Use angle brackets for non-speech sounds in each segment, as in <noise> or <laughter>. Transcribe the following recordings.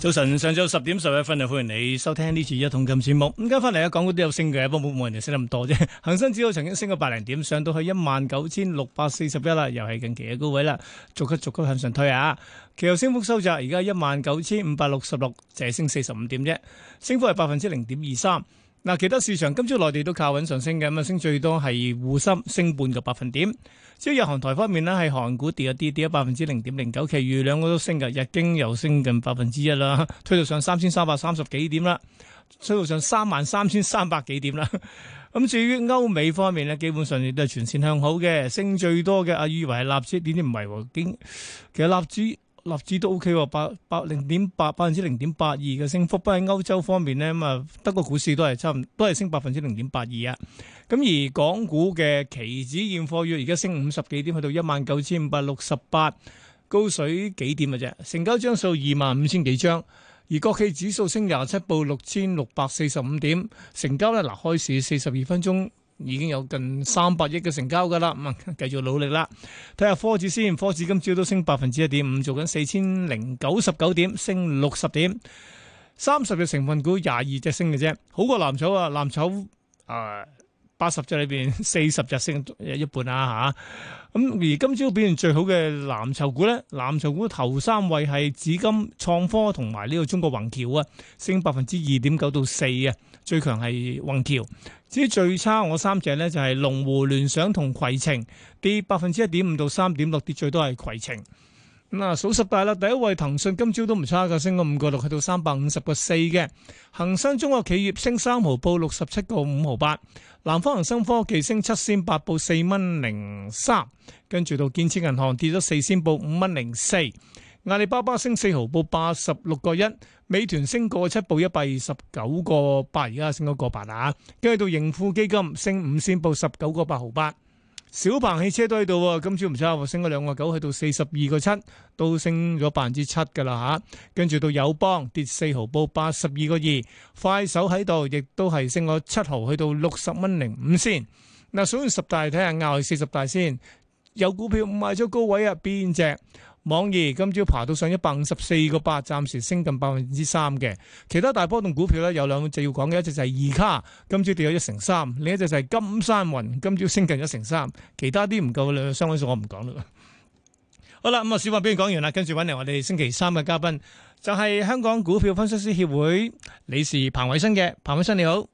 早晨，上晝十點十一分啊！歡迎你收聽呢次一桶金節目。咁今日翻嚟啊，港股都有升嘅，不過冇冇人哋升得咁多啫。恒生指數曾經升過百零點，上到去一萬九千六百四十一啦，又係近期嘅高位啦，逐級逐級向上推啊。期後升幅收窄，19, 66, 而家一萬九千五百六十六，淨係升四十五點啫，升幅係百分之零點二三。嗱，其他市場今朝內地都靠穩上升嘅，咁啊升最多係滬深升半個百分點。至於日韓台方面咧，係韓股跌一啲，跌百分之零點零九，其餘兩個都升嘅，日經又升近百分之一啦，推到上三千三百三十幾點啦，推到上三萬三千三百幾點啦。咁至於歐美方面咧，基本上亦都係全線向好嘅，升最多嘅啊，以為係納指，點知唔係喎經，其實納指。立指都 O K，百百零點八百分之零點八二嘅升幅。不過喺歐洲方面呢，咁啊，德國股市都係差唔多都係升百分之零點八二啊。咁而港股嘅期指現貨月而家升五十幾點，去到一萬九千五百六十八，高水幾點嘅啫。成交張數二萬五千幾張，而國企指數升廿七報，六千六百四十五點，成交咧嗱，開市四十二分鐘，已經有近三百億嘅成交噶啦，咁啊繼續努力啦，睇下科指先，科指今朝都升百分之一點五，5, 做緊四千零九十九點，升六十點，三十隻成分股廿二隻升嘅啫，好過藍籌、呃、啊，藍籌誒八十隻裏邊四十隻升一半啊吓，咁而今朝表現最好嘅藍籌股咧，藍籌股頭三位係紫金、創科同埋呢個中國宏橋啊，升百分之二點九到四啊。最強係宏橋，至於最差我三隻呢就係龍湖、聯想同攜程，跌百分之一點五到三點六，跌最多係攜程。咁啊數十大啦，第一位騰訊今朝都唔差嘅，升咗五個六去到三百五十個四嘅。恒生中國企業升三毫報六十七個五毫八，南方恒生科技升七先八報四蚊零三，跟住到建設銀行跌咗四先報五蚊零四。阿里巴巴升四毫報八十六個一，美團升個七報一百二十九個八，而家升咗個八啊！跟住到盈富基金升五仙報十九個八毫八，小鵬汽車都喺度，今朝唔錯，我升咗兩個九，去到四十二個七，都升咗百分之七噶啦吓。跟住到友邦跌四毫報八十二個二，快手喺度亦都係升咗七毫，去到六十蚊零五仙。嗱，數完十大，睇下牛四十大先，有股票賣咗高位啊？邊隻？網易今朝爬到上一百五十四個八，暫時升近百分之三嘅。其他大波動股票咧，有兩隻要講嘅，一隻就係二卡，今朝跌咗一成三；，另一隻就係金山雲，今朝升近一成三。其他啲唔夠兩個，雙位數我唔講啦。好啦，咁、嗯、啊，小話俾你講完啦，跟住揾嚟我哋星期三嘅嘉賓，就係、是、香港股票分析師協會理事彭偉新嘅。彭偉新你好。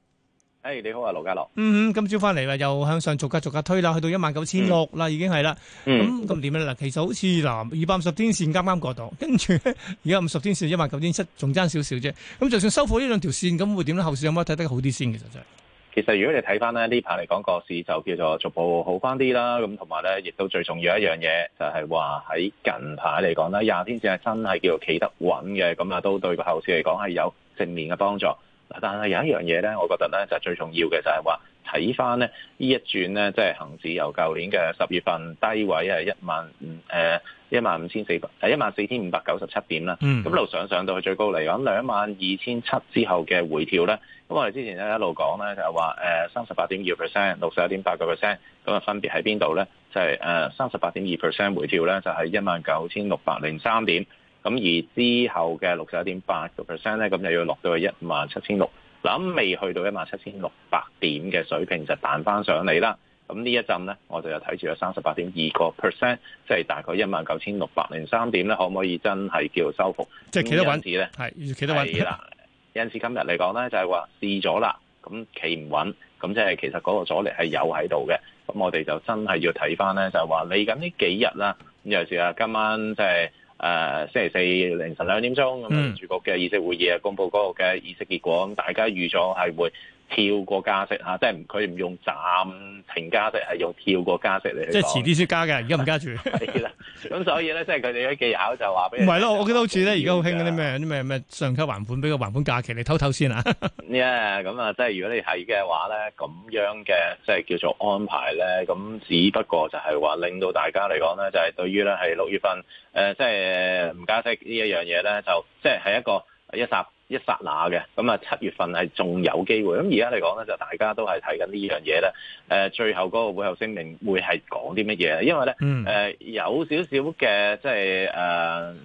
誒，hey, 你好啊，盧家樂、嗯。嗯哼，今朝翻嚟啊，又向上逐格逐格推啦，去到一萬九千六啦，已經係啦。咁咁點咧？嗱、嗯，嗯、其實好似嗱，二百五十天線啱啱過度。跟住而家五十天線 19, 7, 一萬九千七，仲爭少少啫。咁就算收復呢兩條線，咁會點咧？後市有冇睇得好啲先？其實真係。其實如果你睇翻咧，呢排嚟講，個市就叫做逐步好翻啲啦。咁同埋咧，亦都最重要一樣嘢，就係話喺近排嚟講咧，廿天線係真係叫做企得穩嘅，咁啊，都對個後市嚟講係有正面嘅幫助。但係有一樣嘢咧，我覺得咧就係、是、最重要嘅就係話睇翻咧呢一轉咧，即係恆指由舊年嘅十月份低位係一萬五誒一萬五千四百誒一萬四千五百九十七點啦，咁、嗯、路上上到去最高嚟講兩萬二千七之後嘅回跳咧，咁我哋之前咧一路講咧就係話誒三十八點二 percent 六十一點八個 percent，咁啊分別喺邊度咧？就係誒三十八點二 percent 回跳咧，就係一萬九千六百零三點。咁而之後嘅六十一點八個 percent 咧，咁就要落到去一萬七千六。嗱，未去到一萬七千六百點嘅水平就彈翻上嚟啦。咁呢一陣咧，我就又睇住咗三十八點二個 percent，即係大概一萬九千六百零三點咧，可唔可以真係叫收復？即係企得穩唔止咧，係企得穩啦。有陣時今日嚟講咧，就係、是、話試咗啦，咁企唔穩，咁即係其實嗰個阻力係有喺度嘅。咁我哋就真係要睇翻咧，就係話嚟緊呢幾日啦，尤其是啊，今晚即、就、係、是。誒、uh, 星期四凌晨兩點鐘咁啊，mm. 儲局嘅議息會議啊，公布嗰個嘅議息結果，咁大家預咗係會。跳過加息嚇，即係佢唔用暫停加息，係用跳過加息嚟。 <laughs> <laughs> 即係遲啲先加嘅，而家唔加住。啦，咁所以咧，即係佢哋啲技巧就話俾你。唔係咯，我覺得好似咧，而家好興嗰啲咩啲咩咩上級還款，俾個還款假期你唞唞先啊。咁 <laughs> 啊、yeah, 嗯，即係如果你係嘅話咧，咁樣嘅即係叫做安排咧，咁只不過就係話令到大家嚟講咧，就係、是、對於咧係六月份誒、呃，即係唔加息呢一樣嘢咧，就即係係一個一一剎那嘅，咁啊七月份係仲有機會，咁而家嚟講咧就大家都係睇緊呢樣嘢咧，誒、呃、最後嗰個會後聲明會係講啲乜嘢咧？因為咧誒、mm. 呃、有少少嘅即係誒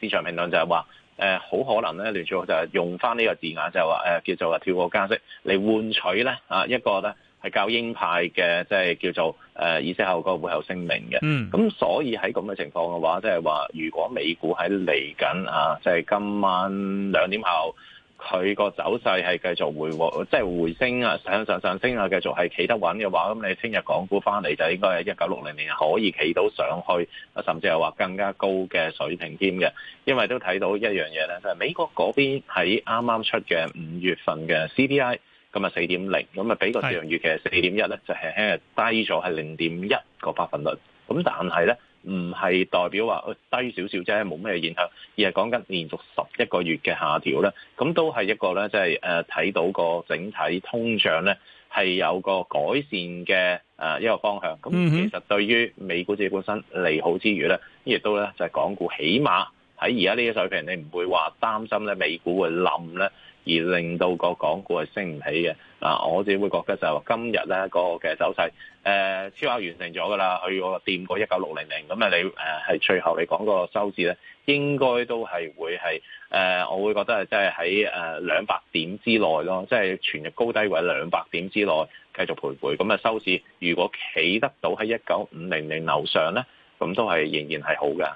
市場評論就係話誒好可能咧聯儲就係用返呢個字眼就話誒、呃、叫做話跳過加息嚟換取咧啊一個咧。係較鷹派嘅，即、就、係、是、叫做誒，呃、議息後個會後聲明嘅。咁、mm hmm. 所以喺咁嘅情況嘅話，即係話，如果美股喺嚟緊啊，即、就、係、是、今晚兩點後佢個走勢係繼續回緩，即係回升啊，向上上升啊，繼續係企得穩嘅話，咁你聽日港股翻嚟就應該係一九六零年可以企到上去，甚至係話更加高嘅水平添嘅。因為都睇到一樣嘢咧，就係、是、美國嗰邊喺啱啱出嘅五月份嘅 CPI。咁啊四點零，咁啊俾個上預期四點一咧，就係輕輕低咗係零點一個百分率。咁但係咧，唔係代表話低少少啫，冇咩影響，而係講緊連續十一個月嘅下調咧。咁都係一個咧，即係誒睇到個整體通脹咧，係有個改善嘅誒、呃、一個方向。咁、嗯、其實對於美股自己本身利好之餘咧，亦都咧就係、是、港股，起碼喺而家呢個水平，你唔會話擔心咧美股會冧咧。而令到個港股係升唔起嘅，啊，我自己會覺得就今日咧、個嘅走勢，誒、呃、超額完成咗㗎啦，去個掂過一九六零零，咁啊你誒係最後你講個收市咧，應該都係會係誒、呃，我會覺得係即係喺誒兩百點之內咯，即、就、係、是、全日高低位兩百點之內繼續徘徊，咁啊收市如果企得到喺一九五零零樓上咧，咁都係仍然係好㗎。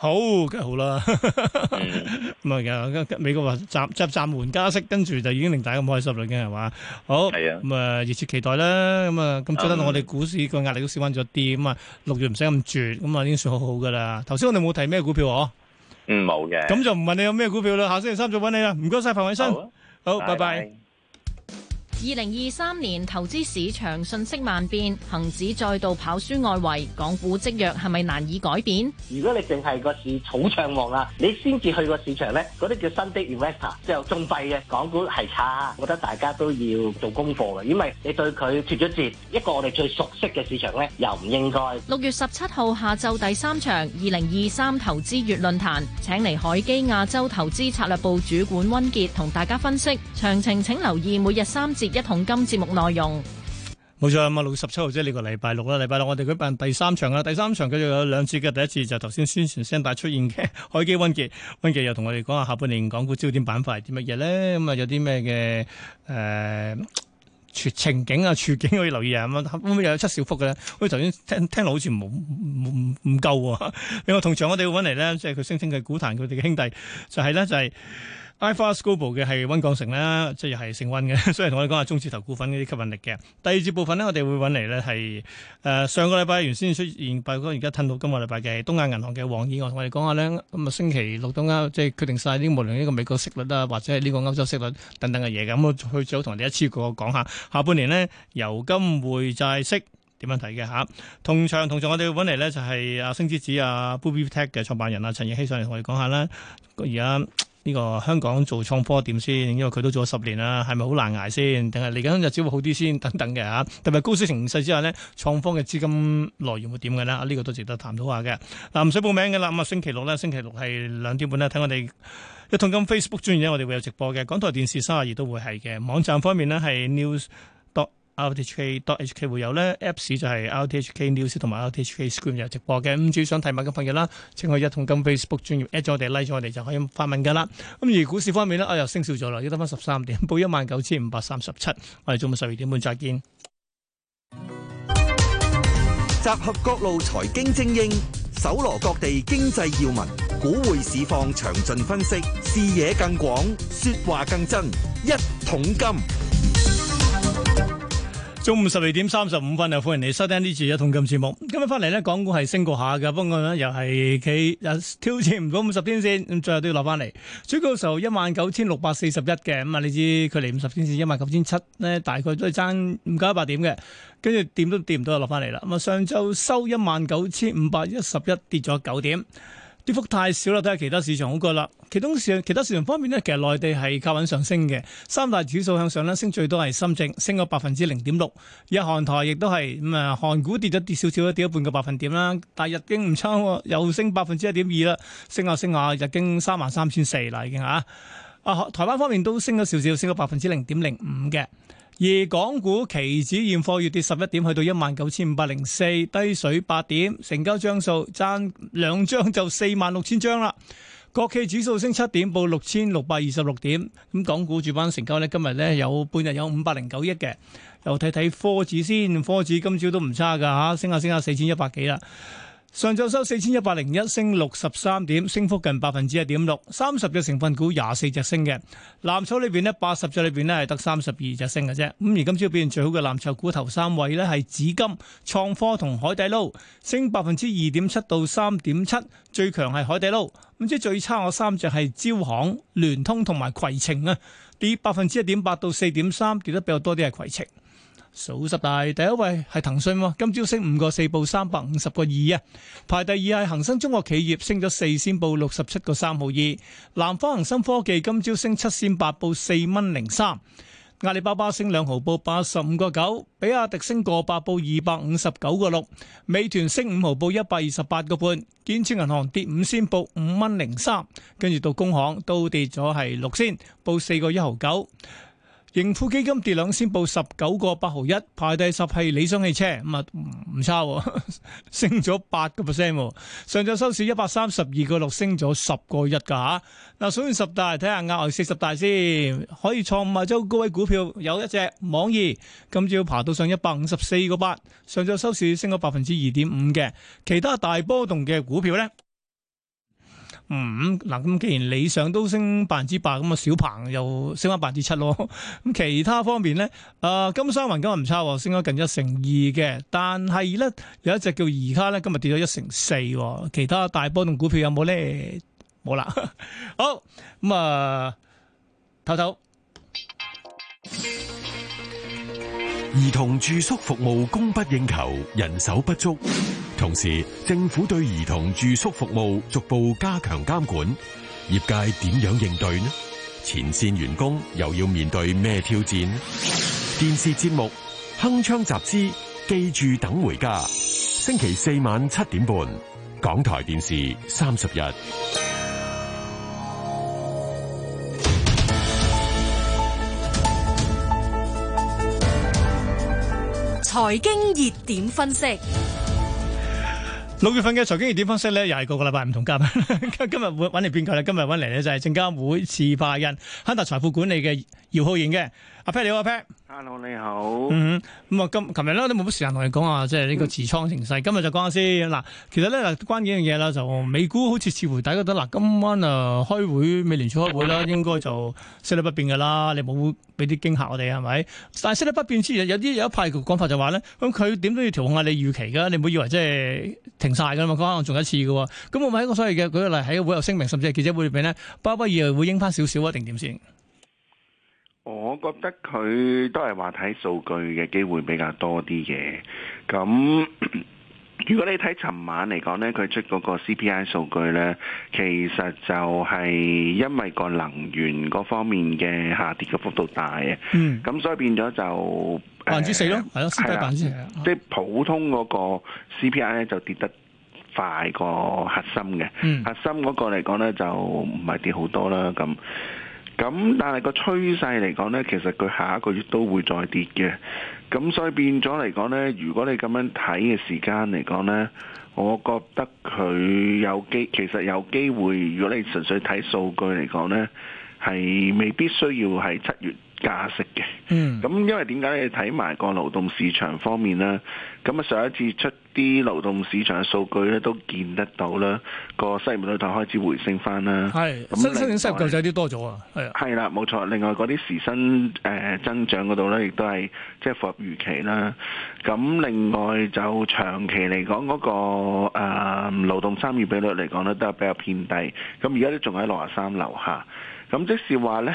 好，梗係好啦。咁啊，其實美國話暫暫暫緩加息，跟住，就已經令大家咁開心啦，已經係嘛？好，咁啊，熱切期待啦，咁啊，咁覺得我哋股市個壓力都少返咗啲，咁啊，六月唔使咁絕，咁啊，已經算好好噶啦。頭先我哋冇提咩股票哦，嗯，冇嘅，咁就唔問你有咩股票啦，下星期三再揾你啦，唔該晒彭偉新，好，好，拜拜。二零二三年投資市場信息萬變，恒指再度跑輸外圍，港股積弱係咪難以改變？如果你淨係個市草場望啦，你先至去個市場呢，嗰啲叫新的 investor 就中弊嘅。港股係差，我覺得大家都要做功課嘅，因為你對佢脱咗節，一個我哋最熟悉嘅市場呢，又唔應該。六月十七號下晝第三場二零二三投資月論壇，請嚟海基亞洲投資策略部主管温杰同大家分析，詳情請留意每日三節。一桶金節目內容冇錯，咁啊六月十七號即係，呢個禮拜六啦，禮拜六我哋舉辦第三場啊，第三場佢就有兩次嘅，第一次就頭先宣傳聲帶出現嘅海基溫杰，溫杰又同我哋講下下半年港股焦點板塊係啲乜嘢咧咁啊有啲咩嘅誒，處情景啊，處境可以留意啊，咁會唔會又有七小福嘅咧喂頭先聽聽落好似冇冇唔夠啊，另外同場我哋要搵嚟咧，即係佢聲稱嘅古談，佢哋嘅兄弟就係咧就係。iFirst Global 嘅係溫港城啦，即係係升溫嘅，雖然同你講下中字頭股份嗰啲吸引力嘅。第二節部分咧，我哋會揾嚟咧係誒上個禮拜原先出現，不過而家褪到今個禮拜嘅東亞銀行嘅王燕，我同我哋講下咧，咁啊星期六東亞即係決定晒呢，無論呢個美國息率啊，或者係呢個歐洲息率等等嘅嘢嘅，咁我最好同你一次過講下下半年咧油金匯債息點樣睇嘅吓。同場同場，我哋揾嚟咧就係阿星之子阿 Bubu Tech 嘅創辦人阿陳奕希上嚟同我哋講下啦，而家。呢個香港做創科點先，因為佢都做咗十年啦，係咪好難捱先？定係嚟緊日子會好啲先？等等嘅嚇，特、啊、別高息情勢之下呢創科嘅資金來源會點嘅呢？呢、這個都值得探討下嘅。嗱、啊，唔使報名嘅啦。咁、嗯、啊，星期六咧，星期六係兩點半咧，睇我哋一桶金 Facebook 專頁，我哋會有直播嘅。港台電視三十二都會係嘅。網站方面呢，係 news。RTHK.HK 會有咧，Apps 就係 RTHK News 同埋 RTHK Screen 有直播嘅。咁，主要想提問嘅朋友啦，請去一桶金 Facebook 專頁 at 我哋，like 咗我哋就可以發問噶啦。咁而股市方面咧，啊又升少咗啦，只得翻十三點，報一萬九千五百三十七。我哋中午十二點半再見。集合各路財經精英，搜羅各地經濟要聞，股匯市況詳盡分析，視野更廣，說話更真。一桶金。中午十二點三十五分，又歡迎你收聽呢次一桶金節目》。今日翻嚟呢，港股係升過下嘅，不過咧，又係企挑戰唔到五十天線，最後都要落翻嚟。最高嘅時候一萬九千六百四十一嘅，咁啊你知佢離五十天線一萬九千七咧，大概都係爭五加八點嘅，跟住掂都掂唔到又落翻嚟啦。咁啊上晝收一萬九千五百一十一，跌咗九點。跌幅太少啦，都係其他市場好過啦。其他市其他市場方面呢，其實內地係靠穩上升嘅。三大指數向上呢，升最多係深證，升咗百分之零點六。日韓台亦都係咁啊，韓、嗯、股跌咗跌少少，跌咗半個百分點啦。但係日經唔差喎，又升百分之一點二啦，升下升下，日經三萬三千四啦已經嚇。啊，台灣方面都升咗少少，升咗百分之零點零五嘅。而港股期指現貨月跌十一點，去到一萬九千五百零四，低水八點，成交張數爭兩張就四萬六千張啦。國企指數升七點，報六千六百二十六點。咁港股主板成交呢，今日呢有半日有五百零九億嘅。又睇睇科指先，科指今朝都唔差噶嚇，升下升下四千一百幾啦。上晝收四千一百零一，升六十三點，升幅近百分之一點六。三十隻成分股，廿四隻升嘅。藍籌裏邊呢八十隻裏邊呢係得三十二隻升嘅啫。咁而今朝表現最好嘅藍籌股頭三位呢係紫金、創科同海底撈，升百分之二點七到三點七。最強係海底撈。咁即係最差嘅三隻係招行、聯通同埋攜程啊，跌百分之一點八到四點三，跌得比較多啲係攜程。數十大第一位係騰訊，今朝升五個四報三百五十個二啊！排第二係恒生中國企業，升咗四仙報六十七個三毫二。南方恒生科技今朝升七仙八報四蚊零三。阿里巴巴升兩毫報八十五個九。比亞迪升個八報二百五十九個六。美團升五毫報一百二十八個半。建設銀行跌五仙報五蚊零三，跟住到工行都跌咗係六仙報四個一毫九。盈富基金跌兩先報十九個八毫一，排第十係理想汽車咁啊，唔差， <laughs> 升咗八個 percent，上晝收市一百三十二個六，升咗十個一噶嗱，數完十大，睇下額外四十大先，可以創五十周高位股票有一隻網易，今朝要爬到上一百五十四個八，上晝收市升咗百分之二點五嘅。其他大波動嘅股票咧？嗯，嗱，咁既然理想都升百分之八，咁啊小鵬又升翻百分之七咯。咁其他方面咧，啊、呃，金山雲今日唔差，升咗近一成二嘅。但係咧，有一隻叫宜卡咧，今日跌咗一成四。其他大波動股票有冇咧？冇啦。 <laughs> 好，咁、嗯、啊，透、呃、透兒童住宿服務供不應求，人手不足。同時，政府對兒童住宿服務逐步加強監管，業界點樣應對呢？前線員工又要面對咩挑戰？電視節目《鏗鏘集資》，記住等回家，星期四晚七點半，港台電視三十日。財經熱點分析。六月份嘅財經熱點分析咧，又係個 <laughs> 個禮拜唔同嘉賓。今日揾嚟邊個咧？今日揾嚟咧就係證監會持牌人，亨達財富管理嘅姚浩然嘅。hello 你好。咁啊、嗯嗯嗯就是，今琴日咧你冇乜時間同你講啊，即係呢個持倉情勢。今日就講下先。嗱，其實咧嗱，關幾樣嘢啦，就美股好似似乎大家都嗱，今晚啊、呃、開會，美聯儲開會啦，應該就息率不變噶啦。你冇俾啲驚嚇我哋係咪？但係息率不變之餘，有啲有一派嘅講法就話咧，咁佢點都要調控下你預期噶，你唔好以為即係停晒噶嘛。佢可能仲有一次噶。咁我咪一個所謂嘅，舉個例喺會後聲明，甚至係記者會裏邊咧，鮑威爾會應翻少少啊，定點先？我覺得佢都係話睇數據嘅機會比較多啲嘅。咁如果你睇尋晚嚟講呢，佢出嗰個 CPI 數據呢，其實就係因為個能源嗰方面嘅下跌嘅幅度大啊。嗯。咁所以變咗就百分之四咯，即係普通嗰個 CPI 呢，就跌得快過核心嘅，嗯、核心嗰個嚟講呢，就唔係跌好多啦。咁。咁但係個趨勢嚟講呢，其實佢下一個月都會再跌嘅，咁所以變咗嚟講呢，如果你咁樣睇嘅時間嚟講呢，我覺得佢有機，其實有機會，如果你純粹睇數據嚟講呢，係未必需要喺七月加息嘅，咁、嗯、因為點解你睇埋個勞動市場方面啦？咁啊上一次出啲勞動市場嘅數據咧，都見得到啦，個失業率就開始回升翻啦。係是外新申請失業救濟啲多咗啊！係啦，冇錯。另外嗰啲時薪誒、呃、增長嗰度咧，亦都係即係符合預期啦。咁另外就長期嚟講嗰個誒勞、呃、動參與比率嚟講咧，都係比較偏低。咁而家都仲喺六十三樓下。咁即是話咧。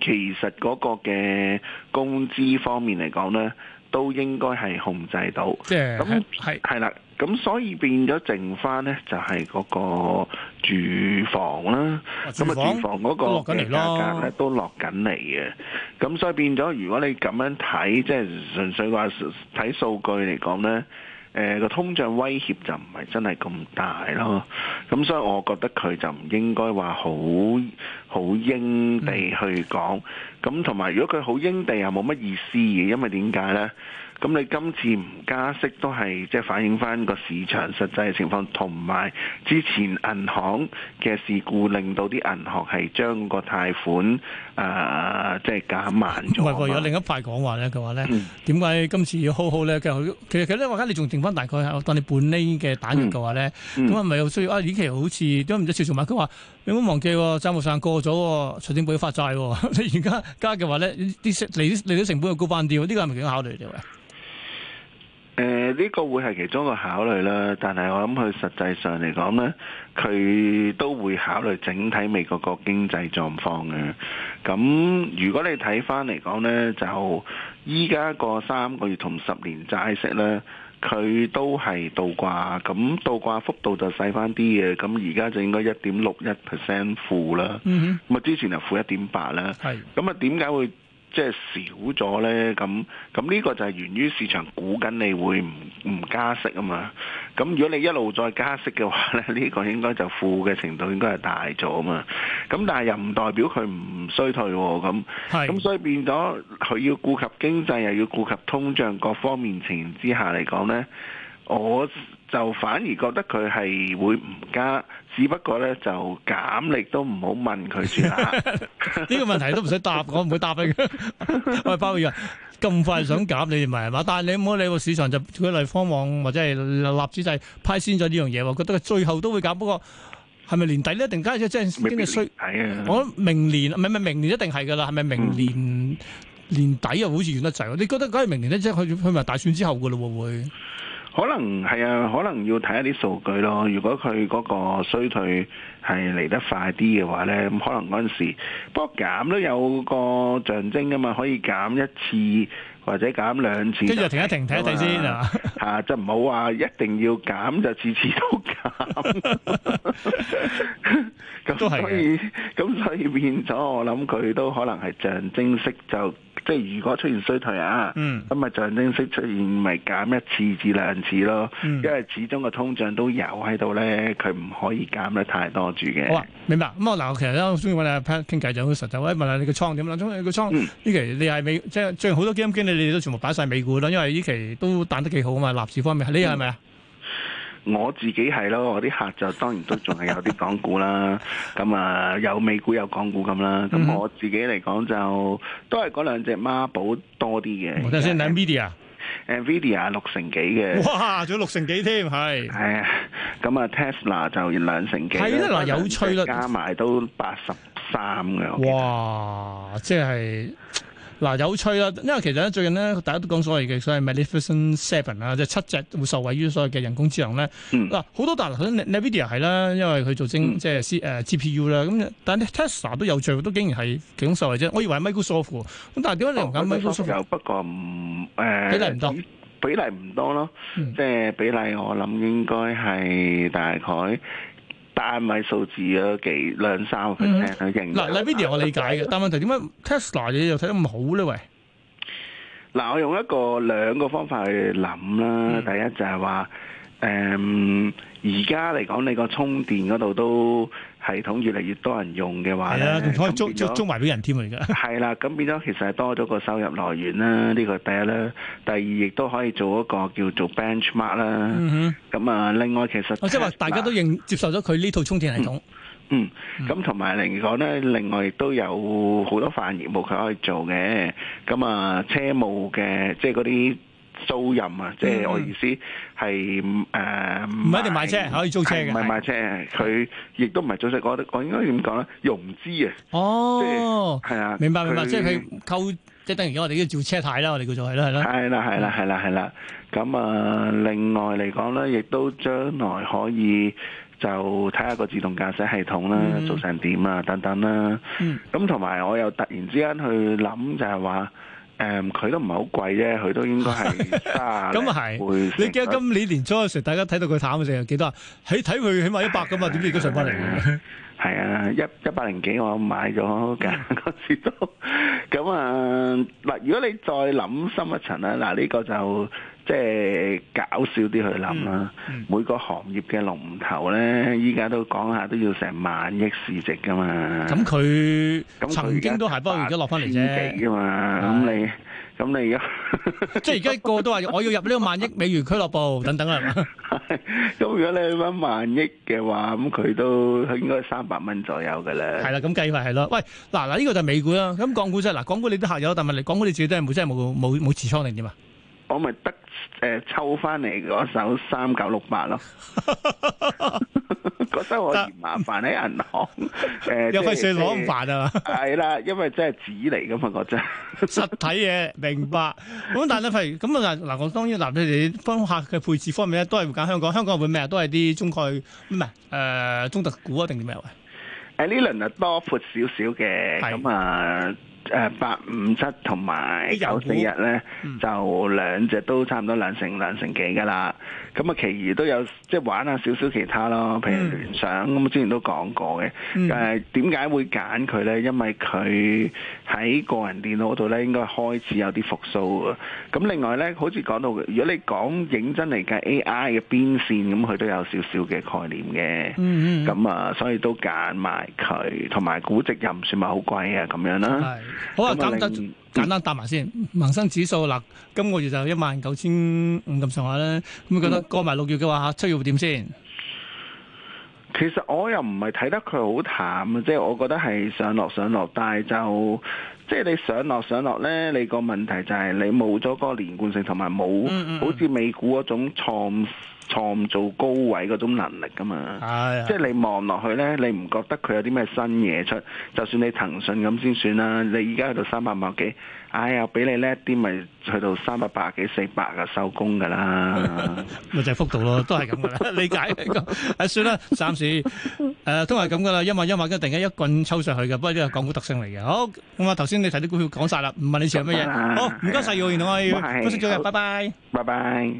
其實嗰個嘅工資方面嚟講呢，都應該係控制到，即係咁係係啦。咁那是所以變咗剩翻呢，就係嗰個住房啦。咁啊，住房嗰個落嘅價格呢都落緊嚟嘅。咁所以變咗，如果你咁樣睇，即、就、係、是、純粹話睇數據嚟講呢，誒、呃、個通脹威脅就唔係真係咁大咯。咁所以我覺得佢就唔應該話好。好硬地去講，咁同埋如果佢好硬地又冇乜意思嘅，因為點解咧？咁你今次唔加息都係即係反映翻個市場實際嘅情況，同埋之前銀行嘅事故令到啲銀行係將個貸款啊、呃，即係減慢咗。唔係有另一塊講話咧佢話咧，點解、嗯、今次要好好咧？其實其實咧，我而家你仲剩翻大概係當你半厘嘅打月嘅話咧，咁係咪又需要啊？以前好似都唔知做做乜，佢話你冇忘記喎、哦，債務上過咗、哦，財政部要發債喎、哦。你而家加嘅話咧，啲息你你成本又高翻啲，呢、這個係咪點考慮嚟嘅？誒，呢個會係其中一個考慮啦，但係我諗佢實際上嚟講呢，佢都會考慮整體美國個經濟狀況嘅。咁如果你睇翻嚟講呢，就依家個三個月同十年債息呢，佢都係倒掛，咁倒掛幅度就細翻啲嘅。咁而家就應該一點六一 percent 負啦。嗯咁，哼啊，之前就負一點八啦。係是。咁啊，點解會？即係少咗呢，咁咁呢個就係源於市場估緊你會唔唔加息啊嘛。咁如果你一路再加息嘅話咧，呢、呢個應該就負嘅程度應該係大咗啊嘛。咁但係又唔代表佢唔衰退喎，哦。咁咁是所以變咗佢要顧及經濟又要顧及通脹各方面情之下嚟講呢。我就反而覺得佢係會唔加，只不過咧就減力都唔好問佢先啦。呢 <laughs> <laughs> 個問題都唔使答，我唔會答你嘅。我 <laughs> 包宇啊，咁快想減你， <laughs> 你哋唔係嘛？但係你唔好理個市場就舉例方網或者係立指製派先咗呢樣嘢喎，我覺得最後都會減。不過係咪年底咧？突然間即係經濟衰？啊、我覺得明年明係明年一定係㗎啦？係咪明年、嗯、年底又好似遠得滯？你覺得梗係明年即係去去埋大選之後㗎咯？會？可能係啊，可能要睇一啲數據咯。如果佢嗰個衰退係嚟得快啲嘅話呢，咁可能嗰陣時，不過減都有個象徵啊嘛，可以減一次或者減兩次。跟住停一停，睇一睇先啊。嚇、啊，就唔好話一定要減就次次都減。咁都係咁所以變咗，我諗佢都可能係象徵式就。即係如果出現衰退啊，咁咪、嗯、象徵式出現咪減一次至兩次咯，嗯、因為始終個通脹都有喺度咧，佢唔可以減得太多住嘅。好明白。咁我嗱，其實咧，好中意揾阿 Pat 傾偈就好實在。我問下你個倉點啦，因為個倉呢期你係美，即係最近好多基金經理你哋都全部擺晒美股啦，因為呢期都彈得幾好啊嘛，立市方面，你係咪啊？我自己係咯，我啲客就當然都仲係有啲港股啦，咁啊有美股有港股咁啦。咁、嗯、哼我自己嚟講就都係嗰兩隻孖寶多啲嘅。我哋先、嗯、睇哼 Nvidia，Nvidia 六成幾嘅。哇，仲有六成幾添，係。係啊，咁啊 Tesla 就兩成幾。係啦、啊，嗱，有趣啦，加埋都八十三㗎。哇，即係。嗱、啊、有趣啦，因為其實咧最近咧，大家都講所謂嘅所謂 Magnificent Seven 啊，即係七隻會受惠於所謂嘅人工智能咧。嗱好、嗯、多大，好似 Nvidia 係啦，因為佢做精即係 C 誒 GPU 啦。咁但係 Tesla 都有趣，最後都竟然係其中受惠啫。我以為係 Microsoft，咁但係點解你唔揀 Microsoft？、哦、有不過唔誒、呃、比例唔多，嗯、比例唔多咯。即係比例，我諗應該係大概。單位數字有幾兩三千，嗱，Nvidia 我理解嘅，但問題點解 Tesla 嘢又睇得咁好咧？喂，嗱，我用一個兩個方法去諗啦，第一就係話，誒，而家嚟講你個充電嗰度都。系統越嚟越多人用嘅話，係啊，仲可以租租租埋俾人添啊，而家係啦，咁變咗其實係多咗個收入來源啦，呢個第一啦，第二亦都可以做一個叫做 benchmark 啦。嗯哼。咁啊，另外其實，即係話大家都認接受咗佢呢套充電系統。嗯，咁同埋另外咧，另外亦都有好多泛業務佢可以做嘅。咁啊，車務嘅，即係嗰啲。租任啊，即係我意思係誒，唔一定買車，可以租車嘅，唔係買車，佢亦都唔係租車，我我應該點講咧？融資啊，哦，即係係啊，明白明白，即係佢購，即係等於我哋叫做車貸啦，我哋叫做係啦係啦，係啦係啦係啦，咁啊，另外嚟講咧，亦都將來可以就睇下個自動駕駛系統啦，做成點啊，等等啦，咁同埋我又突然之間去諗就係話。誒，佢、嗯、都唔係好貴啫，佢都應該係 <laughs> 是。咁啊係，你記得今年年初嘅時候，大家睇到佢淡嘅時候有幾多？喺睇佢起碼一百㗎嘛，點、啊、知而家上翻嚟？係啊，啊，一一百零幾我買咗嘅，嗰時都咁啊。嗱，如果你再諗深一層咧，嗱、這、呢個就。即係搞笑啲去諗啦，每個行業嘅龍頭咧，依家都講下都要成萬億市值噶嘛。咁佢曾經都係幫自己落翻嚟啫。市值噶嘛？咁你咁你而家即係而家個都話我要入呢個萬億美元俱樂部等等啦。咁如果你揾萬億嘅話，咁佢都應該三百蚊左右嘅啦。係啦，咁計埋係咯。喂，嗱嗱，呢個就美股啦。咁港股即係嗱，港股你都客有，但係問題，港股你自己都係冇真係冇冇冇持倉定啫嘛。我咪得。誒、呃，抽翻嚟嗰首三九六八咯，嗰 <laughs> <laughs> 覺得我嫌麻煩喺銀行，誒、呃，呃、因為攞唔辦啊嘛，係啦，因為真係紙嚟噶嘛，嗰 <laughs> 張實體嘢，明白。咁但係咧，譬如咁啊，嗱，我當然嗱，你哋方客嘅配置方面咧，都係揀香港，香港會咩啊？都係啲中概唔係誒，中特股啊，定咩位？誒、呃，呢輪啊多闊少少嘅，咁的啊。嗯嗯嗯誒八五七同埋九四日咧，估就兩隻都差唔多兩成兩成幾㗎啦。咁啊，其餘都有即係玩下少少其他咯，譬如聯想咁啊，嗯、之前都講過嘅。嗯、但誒點解會揀佢咧？因為佢喺個人電腦度咧，應該開始有啲復甦啊。咁另外咧，好似講到如果你講認真嚟計 AI 嘅邊線，咁佢都有少少嘅概念嘅。咁、嗯嗯、啊，所以都揀埋佢，同埋估值又唔算係好貴啊，咁樣啦。 <music> 好啊，簡單簡單答埋先。民生指數嗱，今個月就一萬九千五咁上下啦。咁覺得過埋六月嘅話，七月會點先？其實我又唔係睇得佢好淡，即係、就是、我覺得係上落上落，但係就即係、就是、你上落上落咧，你個問題就係你冇咗嗰個連貫性，同埋冇好似美股嗰種創創造高位嗰種能力噶嘛，即係你望落去咧，你唔覺得佢有啲咩新嘢出？就算你騰訊咁先算啦，你而家去到三百萬幾，哎呀，比你叻啲咪去到三百八十幾四百噶收工噶啦，咪就係幅度咯，都係咁啦，理解。係算啦，暫時誒都係咁噶啦，因為因為佢突然間一棍抽上去噶，不過呢個港股特性嚟嘅。好，咁啊頭先你睇啲股票講晒啦，唔問你似乜嘢。好，唔該晒，唔該我，唔該，再見，拜拜，拜拜。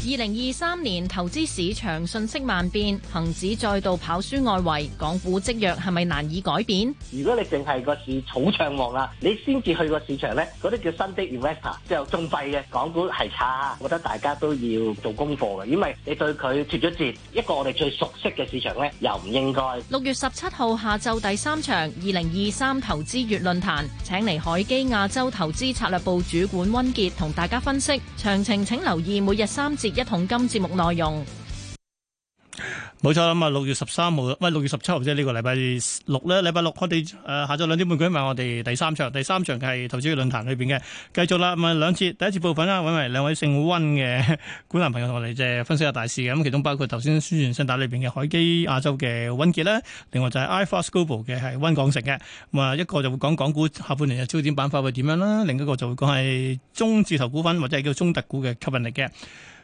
二零二三年投資市場信息萬變，恒指再度跑輸外圍，港股積弱係咪難以改變？如果你淨係個市草暢旺啦，你先至去個市場呢，嗰啲叫新的 investor，即係仲廢嘅，港股係差，我覺得大家都要做功課嘅，因為你對佢脱咗節，一個我哋最熟悉嘅市場呢，又唔應該。六月十七號下晝第三場二零二三投資月論壇，請嚟海基亞洲投資策略部主管温傑同大家分析詳情，請留意每日三節。一桶金節目內容冇錯啦，咁啊、這個、六月十三號，喂六月十七號啫，呢個禮拜六咧，禮拜六我哋誒下晝兩點半舉行，我哋第三場，第三場係投資論壇裏邊嘅，繼續啦，咁啊兩節，第一節部分啦，搵埋兩位姓温嘅股壇朋友同我哋即係分析下大市嘅，咁其中包括頭先宣傳新打裏邊嘅海基亞洲嘅温傑啦，另外就係 iForce Global 嘅係溫鋼城嘅，咁啊一個就會講港股下半年嘅焦點板塊會點樣啦，另一個就會講係中字頭股份或者係叫中特股嘅吸引力嘅。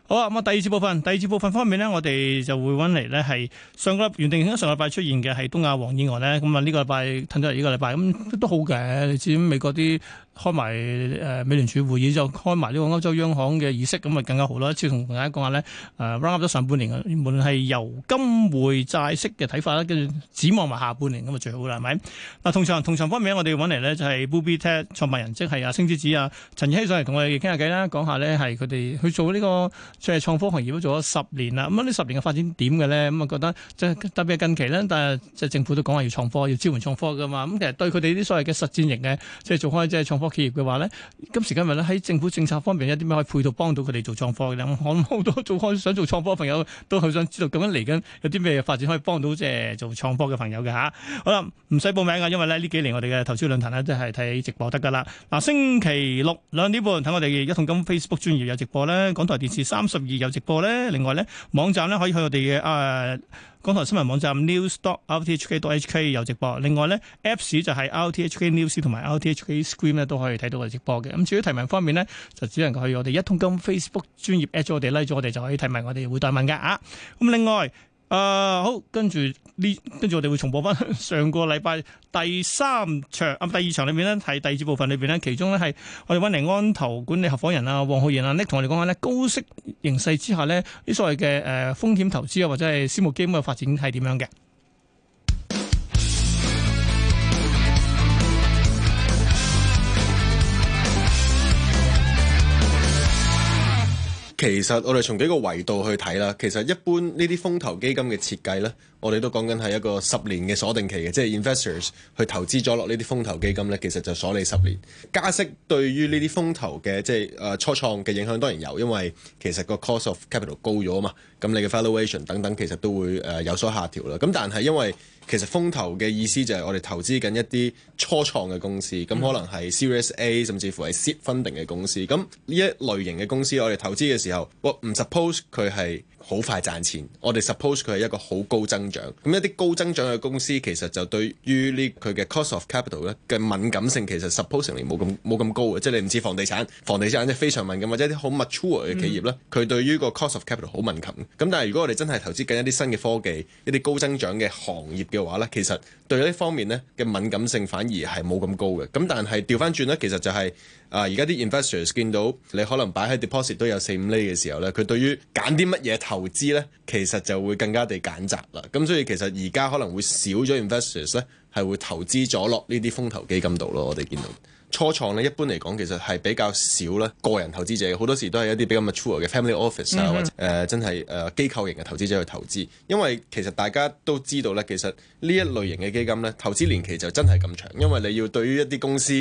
好啊，咁啊，第二節部分，第二節部分方面咧，我哋就會揾嚟咧係上個禮拜原定喺上個禮拜出現嘅係東亞黃燕娥咧，咁啊，呢個禮拜褪咗嚟呢個禮拜，咁、嗯、都好嘅，你知美國啲。開埋誒美聯儲會議就開埋呢個歐洲央行嘅議息，咁咪更加好咯。一次同大家講下咧，誒 round up 咗上半年嘅，無論係油金匯債息嘅睇法啦，跟住展望埋下半年咁咪最好啦，係咪？嗱，同場同場方面，我哋揾嚟呢，就係 Bubi Tech 創辦人，即係阿、啊、星之子啊，陳易希上嚟同我哋傾下偈啦，講下呢，係佢哋去做呢個即係創科行業都做咗十年啦，咁呢十年嘅發展點嘅咧，咁啊覺得即係特別係近期咧，但係即係政府都講話要創科，要支援創科嘅嘛，咁其實對佢哋啲所謂嘅實戰型嘅即係做開即係創。企業嘅話咧，今時今日咧喺政府政策方面有啲咩可以配套幫到佢哋做創科嘅咧？我諗好多做開想做創科嘅朋友都係想知道咁樣嚟緊有啲咩發展可以幫到即係做創科嘅朋友嘅吓。好啦，唔使報名噶，因為咧呢幾年我哋嘅投資論壇咧都係睇直播得噶啦。嗱，星期六兩點半睇我哋一桶金 Facebook 專頁有直播咧，港台電視三十二有直播咧，另外咧網站咧可以去我哋嘅啊。呃港台新聞網站 news. dot. rthk. dot. hk 有直播，另外咧 apps 就係 rthk news 同埋 rthk screen 咧都可以睇到我哋直播嘅。咁至於提問方面咧，就只能夠去我哋一桶金 Facebook 專業 at 我哋 like 咗我哋就可以提問，我哋會代問嘅啊。咁另外。啊、呃，好，跟住呢，跟住我哋會重播翻，上個禮拜第三場啊，第二場，場裏面咧，係第二節部分裏邊咧，其中咧係我哋揾嚟，安投管理合夥人啊，黃浩然啊，拎同我哋講下咧高息形勢之下咧，啲所謂嘅誒、呃、風險投資啊，或者係私募基金嘅發展係點樣嘅？其實我哋從幾個維度去睇啦，其實一般呢啲風投基金嘅設計呢，我哋都講緊係一個十年嘅鎖定期嘅，即係，investors 去投資咗落呢啲風投基金呢，其實就鎖你十年。加息對於呢啲風投嘅即係初創嘅影響當然有，因為其實個 cost of capital 高咗啊嘛，咁你嘅 valuation 等等其實都會誒、呃、有所下調啦。咁但係因為其實風投嘅意思就係我哋投資緊一啲初創嘅公司，咁、嗯、可能係 Series A 甚至乎係 Seed Funding 嘅公司，咁呢一類型嘅公司我哋投資嘅時候，我、well, 唔 suppose 佢係，好快賺錢，我哋 suppose 佢係一個好高增長，咁一啲高增長嘅公司其實就對於呢佢嘅 cost of capital 咧嘅敏感性其實 supposingly 冇咁冇咁高嘅，即係你唔似房地產，房地產即係非常敏感，或者啲好 mature 嘅企業咧，佢、嗯、對於個 cost of capital 好敏感。咁但係如果我哋真係投資緊一啲新嘅科技、一啲高增長嘅行業嘅話呢，其實。對呢方面咧嘅敏感性反而係冇咁高嘅，咁但係調翻轉呢，其實就係啊，而家啲 investors 見到你可能擺喺 deposit 都有四五厘嘅時候呢，佢對於揀啲乜嘢投資呢，其實就會更加地揀擇啦。咁所以其實而家可能會少咗 investors 呢，係會投資咗落呢啲風投基金度咯。我哋見到。初創咧，一般嚟講，其實係比較少咧。個人投資者好多時都係一啲比較 mature 嘅 family office 啊、mm，hmm. 或者誒、呃、真係誒、呃、機構型嘅投資者去投資。因為其實大家都知道呢，其實呢一類型嘅基金呢，投資年期就真係咁長。因為你要對於一啲公司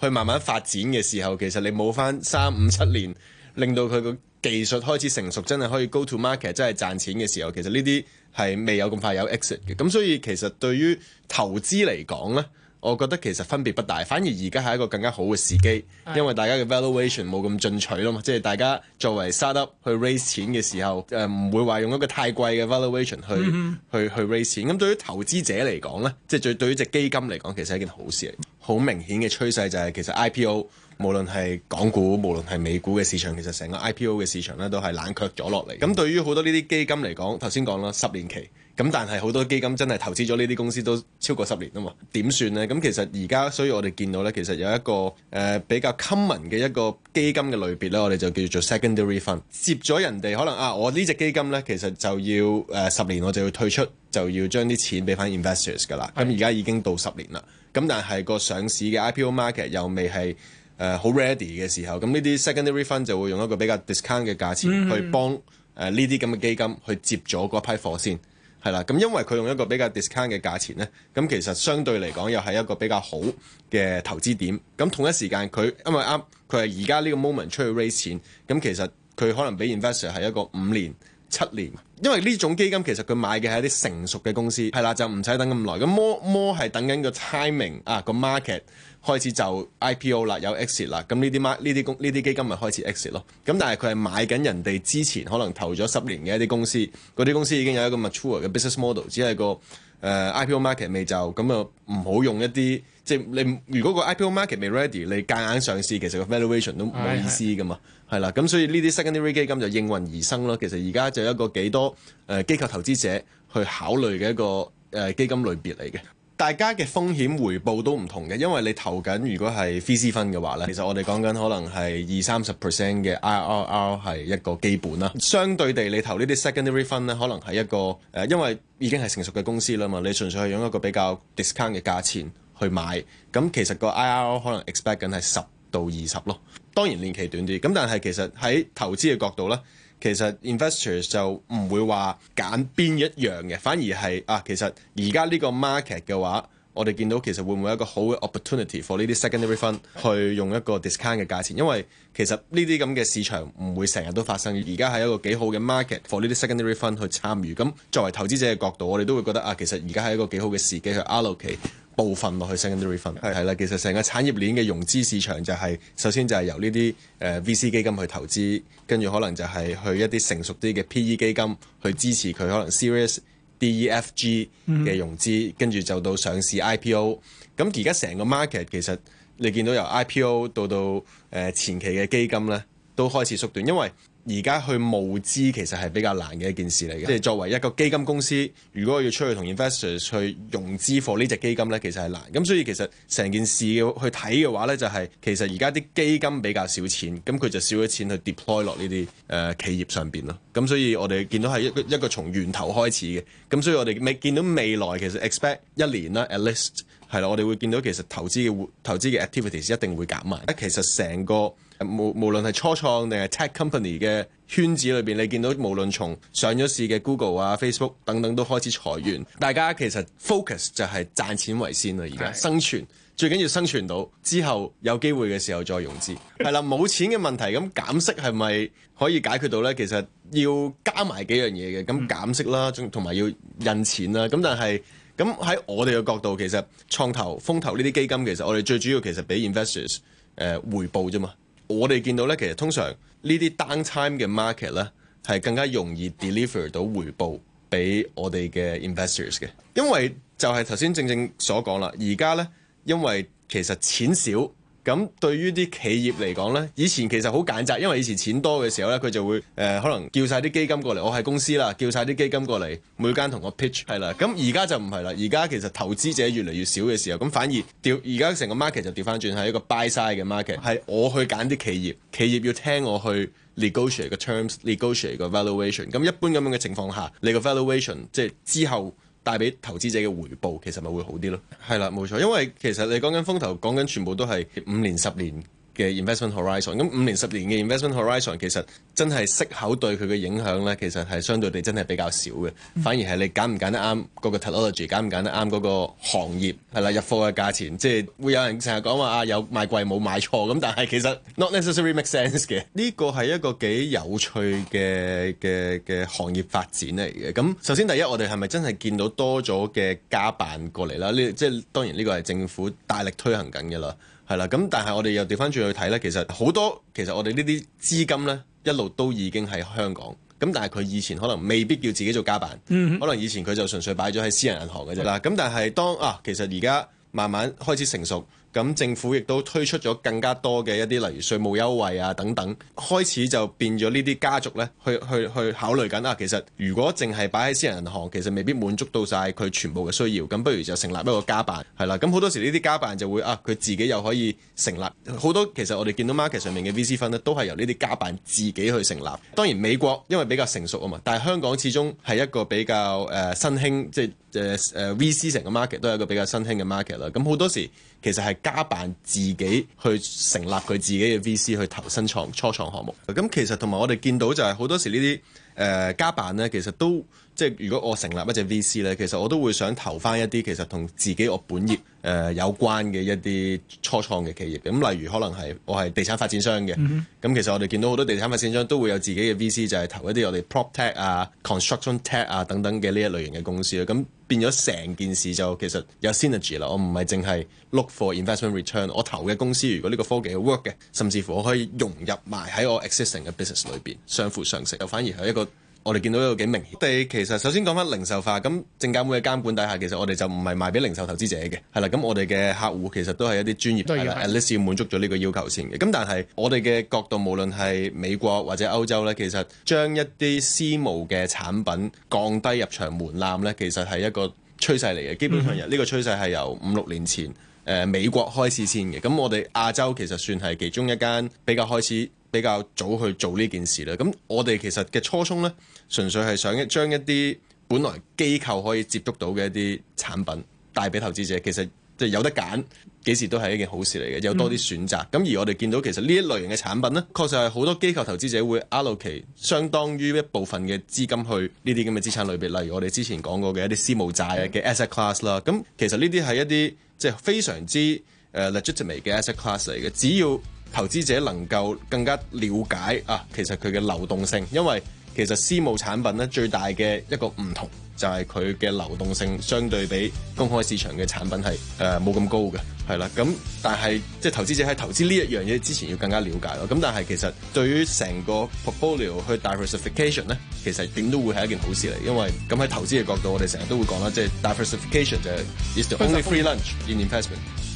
去慢慢發展嘅時候，mm hmm. 其實你冇返三五七年，令到佢個技術開始成熟，真係可以 go to market，真係賺錢嘅時候，其實呢啲係未有咁快有 exit 嘅。咁所以其實對於投資嚟講咧。我覺得其實分別不大，反而而家係一個更加好嘅時機，的因為大家嘅 valuation 冇咁進取啦嘛，即係大家作為 startup 去 raise 錢嘅時候，誒、呃、唔會話用一個太貴嘅 valuation 去、嗯、哼去去 raise 錢。咁對於投資者嚟講呢，即係對對於隻基金嚟講，其實係一件好事嚟。好明顯嘅趨勢就係其實 IPO 無論係港股無論係美股嘅市場，其實成個 IPO 嘅市場呢都係冷卻咗落嚟。咁、嗯、對於好多呢啲基金嚟講，頭先講啦，十年期。咁但係好多基金真係投資咗呢啲公司都超過十年啊嘛，點算呢？咁其實而家，所以我哋見到呢，其實有一個誒、呃、比較 common 嘅一個基金嘅類別呢，我哋就叫做 secondary fund 接咗人哋可能啊，我呢隻基金呢，其實就要誒十、呃、年我就要退出，就要將啲錢俾翻 investors 噶啦。咁而家已經到十年啦，咁是但係個上市嘅 IPO market 又未係誒好 ready 嘅時候，咁呢啲 secondary fund 就會用一個比較 discount 嘅價錢去幫誒呢啲咁嘅基金去接咗嗰批貨先。係啦，咁、嗯、因為佢用一個比較 discount 嘅價錢呢，咁其實相對嚟講又係一個比較好嘅投資點。咁同一時間佢因為啱，佢係而家呢個 moment 出去 raise 錢。咁其實佢可能畀 investor 係一個五年七年，因為呢種基金其實佢買嘅係一啲成熟嘅公司。係、嗯、啦、嗯，就唔使等咁耐。咁 more more 係等緊個 timing 啊個 market。開始就 IPO 啦，有 exit 啦，咁呢啲，market，呢啲公，呢啲基金咪開始 exit 咯。咁但係佢係買緊人哋之前可能投咗十年嘅一啲公司，嗰啲公司已經有一個 mature 嘅 business model，只係個誒、呃、IPO market 未就，咁啊唔好用一啲即係你如果個 IPO market 未 ready，你夾硬上市其實個 valuation 都冇意思噶嘛，係啦的。咁的所以呢啲 secondary 基金就應運而生咯。其實而家就有一個幾多誒、呃、機構投資者去考慮嘅一個誒、呃、基金類別嚟嘅。大家嘅風險回報都唔同嘅，因為你投緊，如果係 VC 分嘅話呢，其實我哋講緊可能係二三十 percent 嘅 IRR 係一個基本啦。相對地，你投呢啲 secondary 分呢，可能係一個誒、呃，因為已經係成熟嘅公司啦嘛，你純粹係用一個比較 discount 嘅價錢去買咁，其實個 IRR 可能 expect 緊係十到二十咯。當然年期短啲咁，但係其實喺投資嘅角度呢。其實 investors 就唔會話揀邊一樣嘅，反而係啊，其實而家呢個 market 嘅話，我哋見到其實會唔會一個好嘅 opportunity for 呢啲 secondary fund 去用一個 discount 嘅價錢？因為其實呢啲咁嘅市場唔會成日都發生，而家係一個幾好嘅 market for 呢啲 secondary fund 去參與。咁作為投資者嘅角度，我哋都會覺得啊，其實而家係一個幾好嘅時機去 allocate 部分落去 secondary fund 係啦，其實成個產業鏈嘅融資市場就係、係、首先就係由呢啲誒 VC 基金去投資，跟住可能就係去一啲成熟啲嘅 PE 基金去支持佢可能 series DEFG 嘅融資，跟住就到上市 IPO。咁而家成個 market 其實你見到由 IPO 到到誒、呃、前期嘅基金呢，都開始縮短，因為，而家去募資其實係比較難嘅一件事嚟嘅，即係作為一個基金公司，如果要出去同 investors 去融資，為呢隻基金呢，其實係難。咁所以其實成件事嘅去睇嘅話呢，就係、是、其實而家啲基金比較少錢，咁佢就少咗錢去 deploy 落呢啲誒、呃、企業上邊咯。咁所以我哋見到係一一個從源頭開始嘅。咁所以我哋未見到未來其實 expect 一年啦，at least 係啦，我哋會見到其實投資嘅投資嘅 activities 一定會減慢。其實成個無無論係初創定係 tech company 嘅圈子裏邊，你見到無論從上咗市嘅 Google 啊、Facebook 等等都開始裁員，大家其實 focus 就係賺錢為先啦，而家生存最緊要生存到之後有機會嘅時候再融資，係 <laughs> 啦，冇錢嘅問題，咁減息係咪可以解決到呢？其實要加埋幾樣嘢嘅，咁減息啦，同埋要印錢啦，咁但係咁喺我哋嘅角度，其實創投、風投呢啲基金，其實我哋最主要其實俾 investors 誒、呃、回報啫嘛。我哋見到呢，其實通常呢啲 down time 嘅 market 呢，係更加容易 deliver 到回報俾我哋嘅 investors 嘅，因為就係頭先正正所講啦，而家呢，因為其實錢少。咁對於啲企業嚟講呢，以前其實好簡單，因為以前錢多嘅時候呢，佢就會誒、呃、可能叫晒啲基金過嚟，我係公司啦，叫晒啲基金過嚟，每間同我 pitch 係啦。咁而家就唔係啦，而家其實投資者越嚟越少嘅時候，咁反而調而家成個 market 就調返轉係一個 buy side 嘅 market，係我去揀啲企業，企業要聽我去 negotiate 嘅 terms，negotiate 嘅 valuation。咁一般咁樣嘅情況下，你個 valuation 即係之後。帶俾投資者嘅回報，其實咪會好啲咯。係啦，冇錯，因為其實你講緊風投，講緊全部都係五年十年。嘅 investment horizon，咁五年十年嘅 investment horizon 其實真係息口對佢嘅影響咧，其實係相對地真係比較少嘅，反而係你揀唔揀得啱嗰個 technology，揀唔揀得啱嗰個行業，係啦，入貨嘅價錢，即係會有人成日講話啊，有賣貴冇買錯，咁，但係其實 not necessarily makes sense 嘅。呢 <laughs> 個係一個幾有趣嘅嘅嘅行業發展嚟嘅。咁首先第一，我哋係咪真係見到多咗嘅家辦過嚟啦？呢即係當然呢個係政府大力推行緊嘅啦。係啦，咁但係我哋又調翻轉去睇呢。其實好多其實我哋呢啲資金呢，一路都已經喺香港。咁但係佢以前可能未必要自己做家辦，嗯、哼可能以前佢就純粹擺咗喺私人銀行嘅啫啦。咁的但係當啊，其實而家慢慢開始成熟。咁政府亦都推出咗更加多嘅一啲，例如稅務優惠啊等等，開始就變咗呢啲家族咧，去去去考慮緊啊。其實如果淨係擺喺私人銀行，其實未必滿足到晒佢全部嘅需要。咁不如就成立一個家辦，係啦。咁好多時呢啲家辦就會啊，佢自己又可以成立好多。其實我哋見到 market 上面嘅 VC fund 咧，都係由呢啲家辦自己去成立。當然美國因為比較成熟啊嘛，但係香港始終係一個比較誒、呃、新興即。誒誒、uh, VC 成個 market 都係一個比較新興嘅 market 啦，咁好多時其實係家辦自己去成立佢自己嘅 VC 去投新創初創項目，咁其實同埋我哋見到就係、是、好多時、呃、辦呢啲誒家辦呢，其實都。即係如果我成立一隻 VC 呢，其實我都會想投翻一啲其實同自己我本業誒、呃、有關嘅一啲初創嘅企業。咁、嗯、例如可能係我係地產發展商嘅，咁、mm hmm. 嗯、其實我哋見到好多地產發展商都會有自己嘅 VC，就係投一啲我哋 PropTech 啊、ConstructionTech 啊等等嘅呢一類型嘅公司咁、嗯、變咗成件事就其實有 synergy 啦。我唔係淨係 look for investment return。我投嘅公司如果呢個科技係 work 嘅，甚至乎我可以融入埋喺我 existing 嘅 business 裏邊，相輔相成，又反而係一個。我哋見到有幾明顯。我哋其實首先講翻零售化咁，證監會嘅監管底下，其實我哋就唔係賣俾零售投資者嘅，係啦。咁我哋嘅客戶其實都係一啲專業，係啦，at least 要滿足咗呢個要求先嘅。咁但係我哋嘅角度，無論係美國或者歐洲呢，其實將一啲私募嘅產品降低入場門檻呢，其實係一個趨勢嚟嘅。基本上由呢個趨勢係由五六年前誒、呃、美國開始先嘅。咁我哋亞洲其實算係其中一間比較開始比較早去做呢件事啦。咁我哋其實嘅初衷呢。純粹係想將一啲本來機構可以接觸到嘅一啲產品帶俾投資者，其實即係有得揀，幾時都係一件好事嚟嘅，有多啲選擇。咁、嗯、而我哋見到其實呢一類型嘅產品咧，確實係好多機構投資者會 allocate 相當於一部分嘅資金去呢啲咁嘅資產類別，例如我哋之前講過嘅一啲私募債嘅 asset class 啦。咁、嗯、其實呢啲係一啲即係非常之誒、uh, legitimate 嘅 asset class 嚟嘅，只要投資者能夠更加了解啊，其實佢嘅流動性，因為。其實私募產品咧，最大嘅一個唔同就係佢嘅流動性相對比公開市場嘅產品係誒冇咁高嘅，係啦。咁但係即係投資者喺投資呢一樣嘢之前要更加了解咯。咁但係其實對於成個 portfolio 去 diversification 咧，其實點都會係一件好事嚟，因為咁喺投資嘅角度，我哋成日都會講啦，即係 diversification 就係 is the only free lunch in investment。